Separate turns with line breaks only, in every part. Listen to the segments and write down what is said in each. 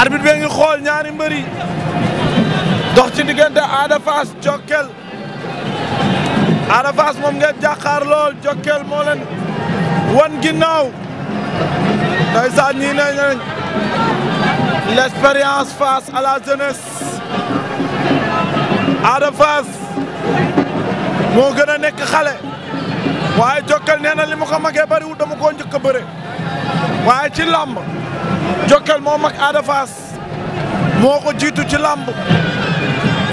arbitre bi ngi xool ñaari mbëri dox ci diggante Ada Fass Jokkel Ada Fass moom ngeen jàkkaar lool Jokkel moo leen wan ginnaaw ndeysaan ñii ne nañ l'expérience face à la jeunesse Ada Fass moo gën a nekk xale waaye Jokal nee na li mu ko magee bëriwul dama koo njëkk a bëre waaye ci làmb Jokal moo mag Ada moo ko jiitu ci làmb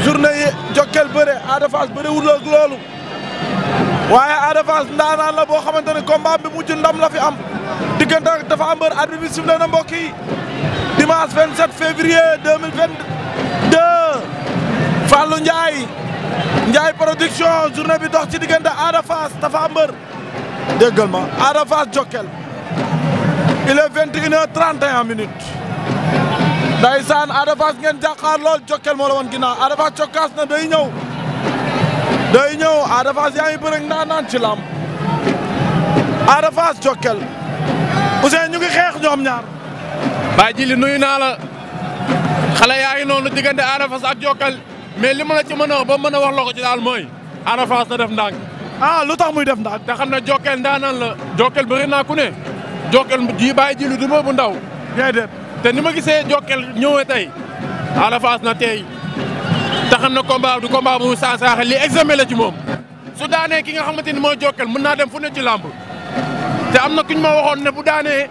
journée yi Jokal bëre Ada Fass bëriwul ak loolu waaye Ada Fass ndaanaan la boo xamante ne combat bi mujj ndam la fi am diggante ak dafa am bër arbitre bi sifflé na mbokk yi dimanche 27 février 2022 Fallou Ndiaye Ndiaye production journée bi ci diggante Ada Fass Tapha Mbeur déggal ma Ada Fass Jokkel il est vingt et une heures trente et un ngeen jàkkaar lool Jokkel moo la woon ginnaaw Ada Fass cokkaas na day ñëw day ñëw Ada yaa ngi bëre ak ndaanaan ci làmb
Ada Jokkel Ousseyn ñu ngi xeex ñoom ñaar baa li nuyu naa la xale yaa ngi noonu diggante Ada Fass Jokkel mais li ma la ci mën a wax ba mën a wax loo ci daal mooy Ada Fass na def ndànk. ah lu tax muy def ndànk. te xam ne Jokal ndaanaan la. Jokal bëri naa ku ne. Jokal ji bàyyi ji lu du ma bu ndaw. déedéet te ni ma gisee Jokal ñëwee tey Ada Fass na tey te xam ne combat du combat bu saa saaxe li examen la ci moom. su daanee ki nga xamante ni mooy Jokal mën naa dem fu ne ci làmb te am na ñu ma waxoon ne bu daanee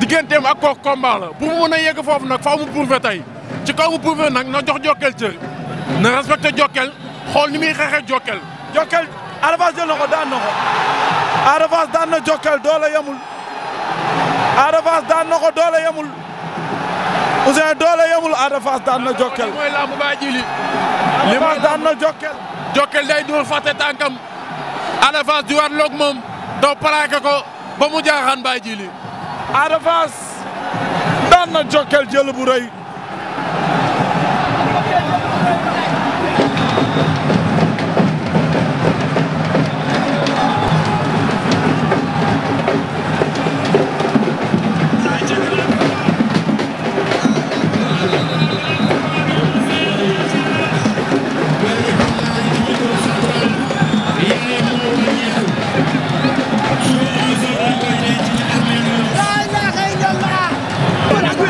digganteem ak kooku combat la bu a yegg foofu nag faaw mu prouvé tey ci kaw mu nag na jox Jokal na respecté Jokal xool ni muy xeexee Jokal. Jokal Ada jël na ko daan na ko
Ada daan na Jokal doole yemul Ada daan na ko doole yemul Ousseyn doole yemul Ada daan na Jokal.
mooy day dul fàtte tànkam Ada Fass di war moom doo plaqué ko ba mu jaaxaan baa ji li. daan na Jokal jël bu rëy.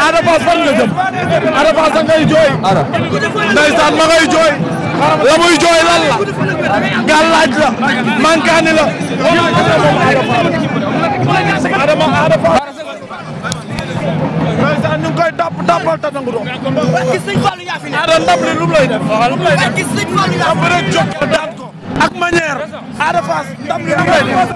Ada Fass fan nga jëm Ada Fass da ngay jooy. ndeysaan ma ngay jooy.
la muy jooy lan la. gàllaaj la. mankaani la.
Adama Ada Fass. ndeysaan ñu ngi koy topp toppal te nangu doon. Ada ndab li lu mu lay def. lu mu lay def. am rek jóg daan ko. ak manière. Ada Fass ndab li lu mu lay def.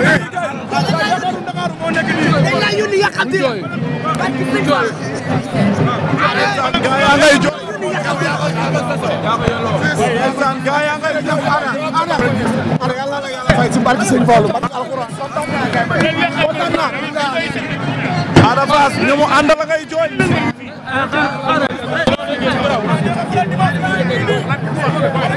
ci barke Sëñ Fallu barke alxuraan kontaan jooy